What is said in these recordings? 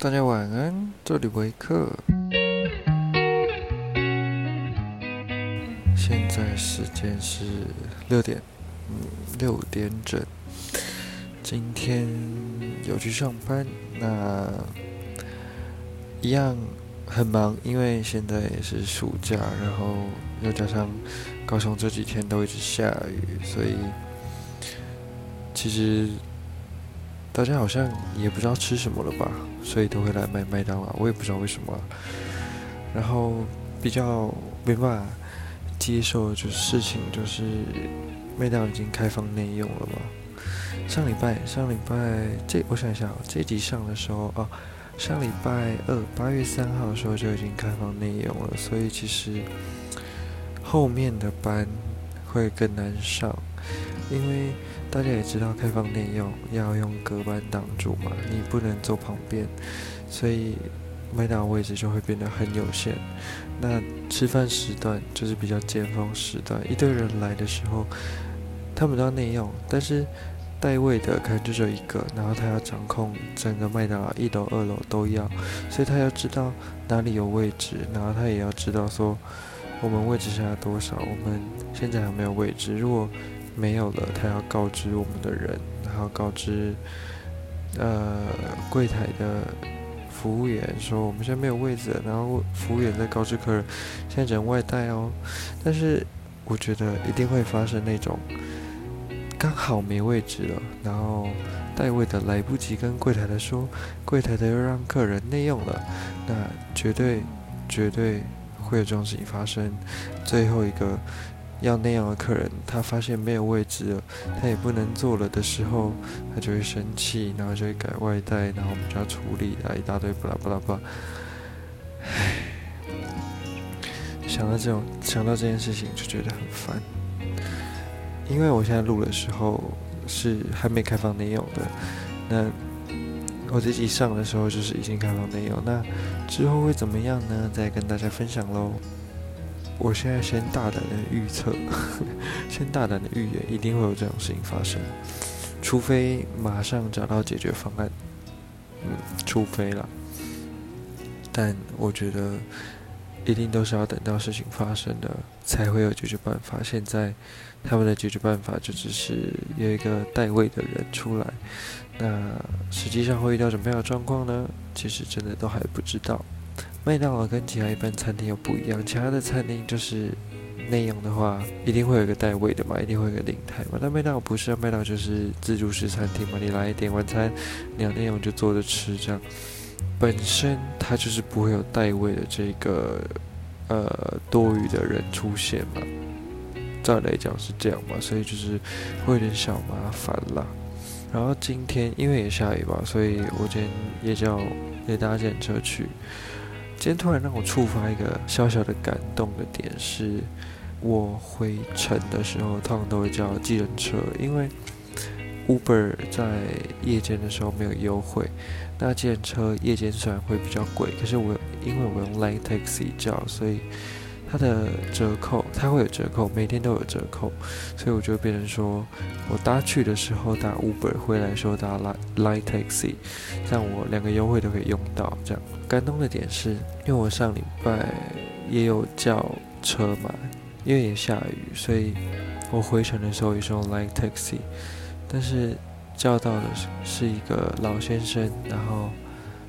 大家晚安，這裡維克。現在時間是六點，嗯，六點整。今天有去上班，那一樣很忙，因為現在也是暑假，然後又加上高雄這幾天都一直下雨，所以其實。大家好像也不知道吃什麼了吧，所以都會來買麥當勞。我也不知道為什麼，啊，然後比較沒辦法接受，就事情就是麥當勞已經開放內用了嘛？上禮拜上禮拜這我想想哦，這集上的時候哦，上禮拜二八月三號的時候就已經開放內用了，所以其實後面的班會更難上，因為，大家也知道，開放內用要用隔板擋住嘛，你不能坐旁邊，所以麥當勞位置就會變得很有限。那吃飯時段就是比較尖峰時段，一堆人來的時候，他們都要內用，但是帶位的可能就只有一個，然後他要掌控整個麥當勞，一樓二樓都要，所以他要知道哪裡有位置，然後他也要知道說我們位置剩下多少，我們現在還沒有位置，如果。沒有了，他要告知我們的人，然後告知，呃，櫃檯的服務員說，我們現在沒有位子，然後服務員再告知客人現在只能外帶哦。但是我覺得一定會發生那種剛好沒位置了，然後帶位的來不及跟櫃檯的說，櫃檯的又讓客人內用了，那絕對絕對會有這種事情發生。最後一個。要那樣的客人，他發現沒有位置了，他也不能坐了的時候，他就會生氣，然後就會改外帶，然後我們就要處理，啊一大堆，巴拉巴拉巴拉。唉，想到這種，想到這件事情就覺得很煩。因為我現在錄的時候是還沒開放內用的，那我自己上的時候就是已經開放內用，那之後會怎麼樣呢？再跟大家分享嘍。我現在先大膽的預測，先大膽的預言，一定會有這種事情發生，除非馬上找到解決方案，嗯，除非啦。但我覺得一定都是要等到事情發生的，才會有解決辦法。現在他們的解決辦法就只是由一個代位的人出來，那實際上會遇到什麼樣的狀況呢？其實真的都還不知道。麥當勞跟其他一般餐廳又不一樣，其他的餐廳就是內用的話，一定會有一個帶位的嘛，一定會有個領台嘛。但麥當勞不是，麥當勞就是自助式餐廳嘛，你來一點晚餐，要內用就坐着吃，這樣本身它就是不會有帶位的這個呃多餘的人出現嘛。照理來講是這樣嘛，所以就是會有點小麻煩啦。然後今天因為也下雨嘛，所以我今天也叫也搭警車去。今天突然讓我觸發一個小小的感動的點是，我回程的時候，通常都會叫計程車，因為 Uber 在夜間的時候沒有優惠。那計程車夜間雖然會比較貴，可是我因為我用 Line Taxi 叫，所以。它的折扣，它會有折扣，每天都有折扣，所以我就變成說，我搭去的時候打 Uber，回來的時候打 Line, Line Taxi，像我兩個優惠都可以用到。這樣，感動的點是，因為我上禮拜也有叫車嘛，因為也下雨，所以我回程的時候也是用 Line Taxi，但是叫到的是一個老先生，然後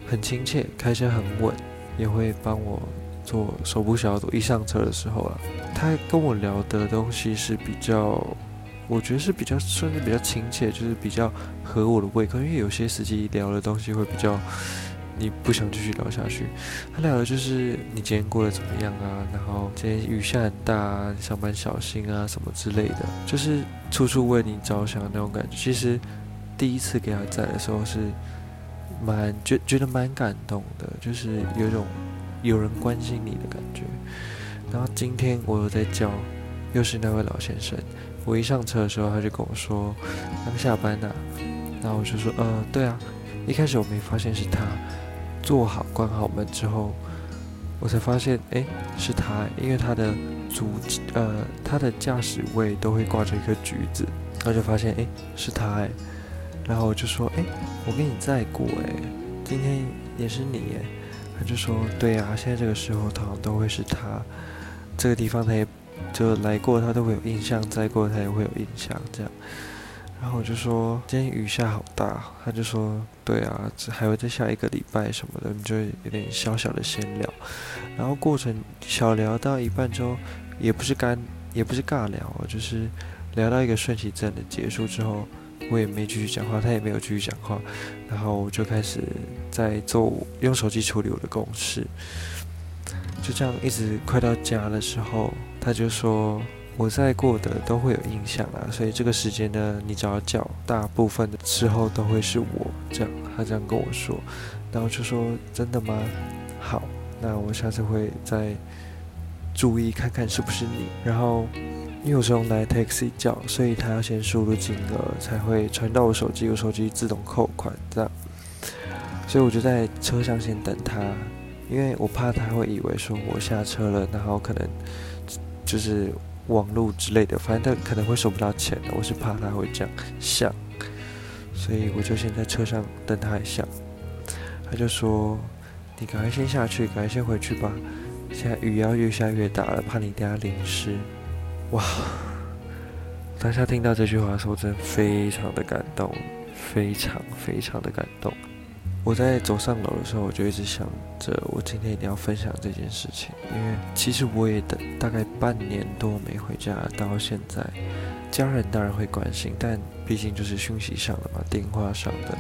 很親切，開車很穩，也會幫我。做手部消毒，一上車的時候啊，他跟我聊的東西是比較，我覺得是比較算是比較親切，就是比較合我的胃口。因為有些司機聊的東西會比較，你不想繼續聊下去。他聊的就是你今天過得怎麼樣啊，然後今天雨下很大，啊，你上班小心啊什麼之類的，就是處處為你着想的那種感覺。其實第一次給他載的時候是蠻覺覺得蠻感動的，就是有一種。有人關心你的感覺。然後今天我又在叫，又是那位老先生。我一上車的時候，他就跟我說剛下班吶。然後我就說，呃，對啊。一開始我沒發現是他，坐好關好門之後，我才發現，哎，是他。因為他的足，呃，他的駕駛位都會掛着一個橘子，然後就發現，哎，是他哎。然後我就說，哎，我跟你再過哎，今天也是你哎。他就說：“對呀，啊，現在這個時候，好像都會是他這個地方，他也就來過，他都會有印象；再過，他也會有印象，這樣。”然後我就說：“今天雨下好大哦。”他就說：“對啊，還會再下一個禮拜什麼的。”你就有點小小的閒聊。然後過程小聊到一半之後，也不是幹，也不是尬聊哦，就是聊到一個順其自然的結束之後。我也沒繼續講話，他也沒有繼續講話，然後我就開始在做用手機處理我的公事，就這樣一直快到家的時候，他就說我在過的都會有印象啊，所以這個時間呢，你只要叫，大部分的時候都會是我這樣，他這樣跟我說，然後就說真的嗎？好，那我下次會再注意看看是不是你，然後，因為我是用來 taxi 叫，所以他要先輸入金額，才會傳到我手機，我手機自動扣款這樣。所以我就在車上先等他，因為我怕他會以為說我下車了，然後可能就是網路之類的，反正他可能會收不到錢的。我是怕他會這樣想，所以我就先在車上等他一下。他就說：“你趕快先下去，趕快先回去吧，現在雨要越下越大了，怕你等下淋濕。”哇！當下聽到這句話的時候，真的非常的感動，非常非常的感動。我在走上樓的時候，我就一直想着，我今天一定要分享這件事情，因為其實我也等大概半年多沒回家，到現在，家人當然會關心，但畢竟就是訊息上的嘛，電話上的，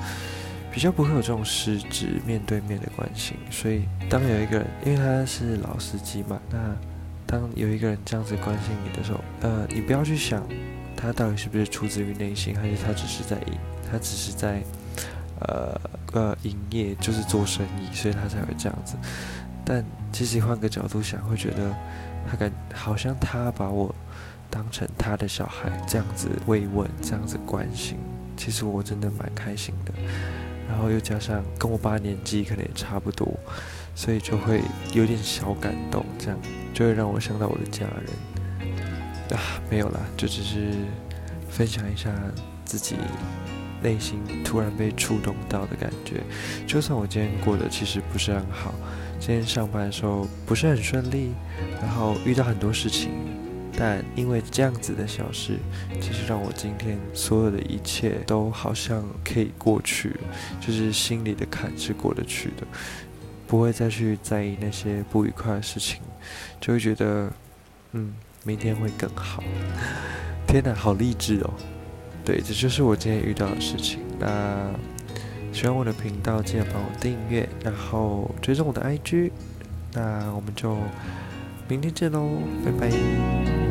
比較不會有這種實質面對面的關心，所以當有一個人，因為他是老司機嘛，那。當有一個人這樣子關心你的時候，呃，你不要去想，他到底是不是出自於內心，還是他只是在，他只是在，呃，呃，營業，就是做生意，所以他才會這樣子。但其實換個角度想，會覺得他感好像他把我當成他的小孩，這樣子慰問，這樣子關心，其實我真的蠻開心的。然後又加上跟我爸年紀可能也差不多，所以就會有點小感動，這樣就會讓我想到我的家人，啊，沒有啦，就只是分享一下自己內心突然被觸動到的感覺。就算我今天過得其實不是很好，今天上班的時候不是很順利，然後遇到很多事情。但因為這樣子的小事，其實讓我今天所有的一切都好像可以過去了，就是心裡的坎是過得去的，不會再去在意那些不愉快的事情，就會覺得，嗯，明天會更好。天哪，好勵志哦！對，這就是我今天遇到的事情。那喜歡我的頻道，記得幫我訂閱，然後追蹤我的 IG。那我們就明天見嘍，拜拜。